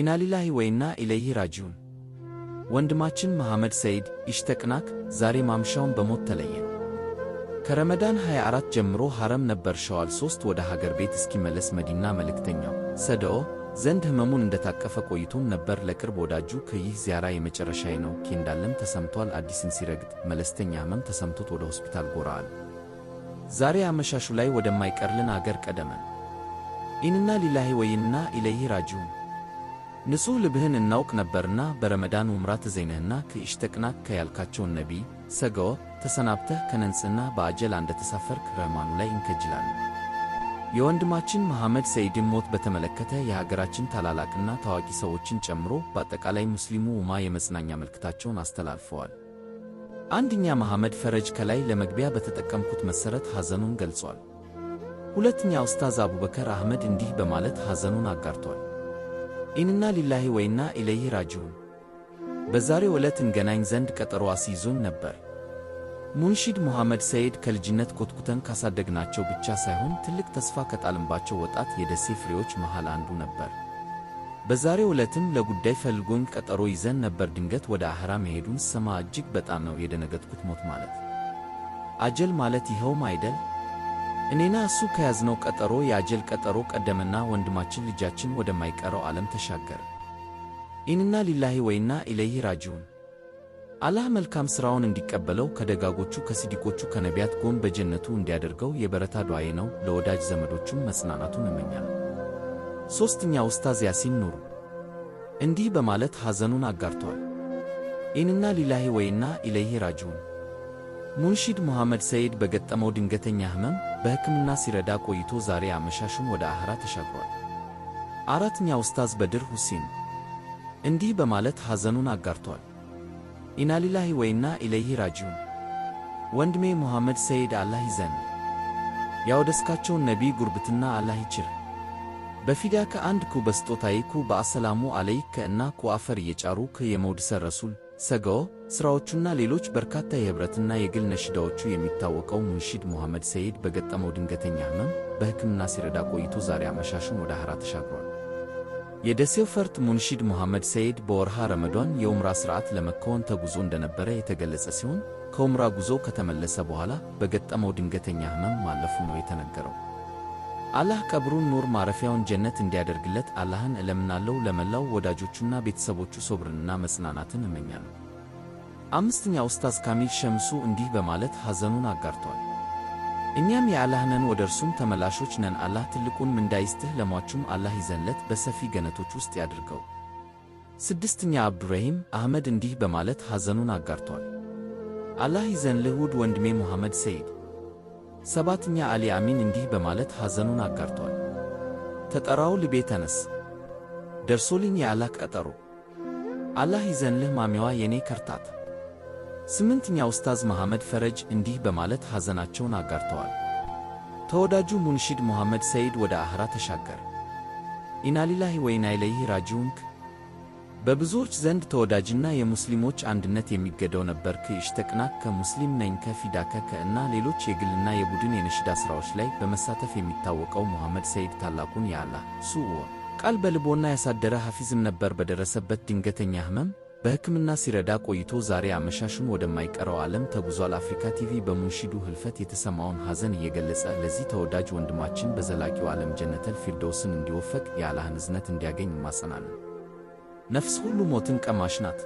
ኢና ወይና ኢለይሂ ራጂዑን። ወንድማችን መሐመድ ሰይድ ኢሽተቅናክ ዛሬ ማምሻውን በሞት ተለየን። ከረመዳን 24 ጀምሮ ሐረም ነበር ሸዋል ሦስት ወደ ሀገር ቤት እስኪመለስ መዲና መልእክተኛው ሰደኦ ዘንድ ህመሙን እንደታቀፈ ቆይቶም ነበር። ለቅርብ ወዳጁ ከይህ ዚያራ የመጨረሻዬ ነው ኬ እንዳለም ተሰምቷል። አዲስን ሲረግጥ መለስተኛ ህመም ተሰምቶት ወደ ሆስፒታል ጎራ ዛሬ አመሻሹ ላይ ወደማይቀርልን አገር ቀደመን። ኢንና ሊላሂ ወይና ኢለይሂ ራጂዑን ንጹሕ ልብህን እናውቅ ነበርና በረመዳን ውምራት ተዜንህና ክእሽተቅናክ ከያልካቸውን ነቢይ ሰገወ ተሰናብተህ ከነንጽህና በአጀል እንደተሳፈርክ ረህማኑ ላይ እንከጅላለን። የወንድማችን መሐመድ ሰይድን ሞት በተመለከተ የሀገራችን ታላላቅና ታዋቂ ሰዎችን ጨምሮ በአጠቃላይ ሙስሊሙ ኡማ የመጽናኛ መልእክታቸውን አስተላልፈዋል። አንደኛ መሐመድ ፈረጅ ከላይ ለመግቢያ በተጠቀምኩት መሠረት ሐዘኑን ገልጿል። ሁለተኛ ኡስታዝ አቡበከር አህመድ እንዲህ በማለት ሐዘኑን አጋርቷል። ኢንና ሊላሂ ወኢና ኢለይሂ ራጂዑን። በዛሬው ዕለት እንገናኝ ዘንድ ቀጠሮ አስይዞን ነበር። ሙንሺድ ሙሐመድ ሰይድ ከልጅነት ኮትኩተን ካሳደግናቸው ብቻ ሳይሆን ትልቅ ተስፋ ከጣልንባቸው ወጣት የደሴ ፍሬዎች መሃል አንዱ ነበር። በዛሬው ዕለትም ለጉዳይ ፈልጎኝ ቀጠሮ ይዘን ነበር። ድንገት ወደ አህራ መሄዱን ስሰማ እጅግ በጣም ነው የደነገጥኩት። ሞት ማለት አጀል ማለት ይኸውም አይደል? እኔና እሱ ከያዝነው ቀጠሮ የአጀል ቀጠሮ ቀደመና ወንድማችን ልጃችን ወደማይቀረው ዓለም ተሻገረ። ኢንና ሊላሂ ወይና ኢለይህ ራጂዑን። አላህ መልካም ሥራውን እንዲቀበለው ከደጋጎቹ ከሲዲቆቹ ከነቢያት ጎን በጀነቱ እንዲያደርገው የበረታ ዱዓዬ ነው። ለወዳጅ ዘመዶቹም መጽናናቱን እመኛለሁ። ሦስተኛ ኡስታዝ ያሲን ኑሩ እንዲህ በማለት ሐዘኑን አጋርቷል። ኢንና ሊላሂ ወይና ኢለይህ ራጂዑን ሙንሺድ ሙሐመድ ሰይድ በገጠመው ድንገተኛ ህመም በሕክምና ሲረዳ ቆይቶ ዛሬ አመሻሹን ወደ አህራ ተሻግሯል። አራተኛ ኡስታዝ በድር ሁሴን እንዲህ በማለት ሐዘኑን አጋርቷል። ኢናሊላሂ ወይና ኢለይሂ ራጂዑን። ወንድሜ ሙሐመድ ሰይድ አላህ ይዘን ያወደስካቸውን ነቢይ ጉርብትና አላህ ይችር በፊዳ ከአንድ ኩ በአሰላሙ አለይክ ከእና ኩ አፈር እየጫሩ ከየመውድሰ ረሱል ሰገው ሥራዎቹና ሌሎች በርካታ የኅብረትና የግል ነሽዳዎቹ የሚታወቀው ሙንሺድ ሙሐመድ ሰይድ በገጠመው ድንገተኛ ሕመም በሕክምና ሲረዳ ቆይቶ ዛሬ አመሻሹን ወደ ሐራ ተሻግሯል። የደሴው ፈርጥ ሙንሺድ ሙሐመድ ሰይድ በወርሃ ረመዷን የኡምራ ሥርዓት ለመከወን ተጉዞ እንደነበረ የተገለጸ ሲሆን ከኡምራ ጉዞ ከተመለሰ በኋላ በገጠመው ድንገተኛ ሕመም ማለፉ ነው የተነገረው። አላህ ቀብሩን ኑር ማረፊያውን ጀነት እንዲያደርግለት አላህን እለምናለሁ። ለመላው ወዳጆቹና ቤተሰቦቹ ሶብርንና መጽናናትን እመኛለሁ። አምስተኛ ኡስታዝ ካሚል ሸምሱ እንዲህ በማለት ሐዘኑን አጋርቷል። እኛም የአላህ ነን፣ ወደ እርሱም ተመላሾች ነን። አላህ ትልቁን ምንዳ ይስጥህ። ለሟቹም አላህ ይዘንለት በሰፊ ገነቶች ውስጥ ያድርገው። ስድስተኛ አብዱረሂም አህመድ እንዲህ በማለት ሐዘኑን አጋርቷል። አላህ ይዘንልህ ውድ ወንድሜ ሙሐመድ ሰይድ ሰባተኛ አሊ አሚን እንዲህ በማለት ሐዘኑን አጋርቷል። ተጠራው ልቤ ተነስ ደርሶልኝ የአላህ ቀጠሮ አላህ ይዘንልህ ማሚዋ የኔ ከርታት። ስምንተኛ ኡስታዝ መሐመድ ፈረጅ እንዲህ በማለት ሐዘናቸውን አጋርተዋል። ተወዳጁ ሙንሺድ መሐመድ ሰይድ ወደ አህራ ተሻገር። ኢናሊላሂ ሊላሂ ወኢና ኢለይሂ ራጂዑን በብዙዎች ዘንድ ተወዳጅና የሙስሊሞች አንድነት የሚገደው ነበር። ከኢሽተ ከሙስሊም ነኝ ከፊዳከ ከእና ሌሎች የግልና የቡድን የነሽዳ ሥራዎች ላይ በመሳተፍ የሚታወቀው ሙሐመድ ሰይድ ታላቁን የአላህ ሱዎ ቃል በልቦና ያሳደረ ሐፊዝም ነበር። በደረሰበት ድንገተኛ ሕመም በሕክምና ሲረዳ ቆይቶ ዛሬ አመሻሹን ወደማይቀረው ዓለም ተጉዟል። አፍሪካ ቲቪ በሙንሺዱ ህልፈት የተሰማውን ሐዘን እየገለጸ ለዚህ ተወዳጅ ወንድማችን በዘላቂው ዓለም ጀነተል ፊርደውስን እንዲወፈቅ የአላህን እዝነት እንዲያገኝ እማጸናለን። ነፍስ ሁሉ ሞትን ቀማሽ ናት።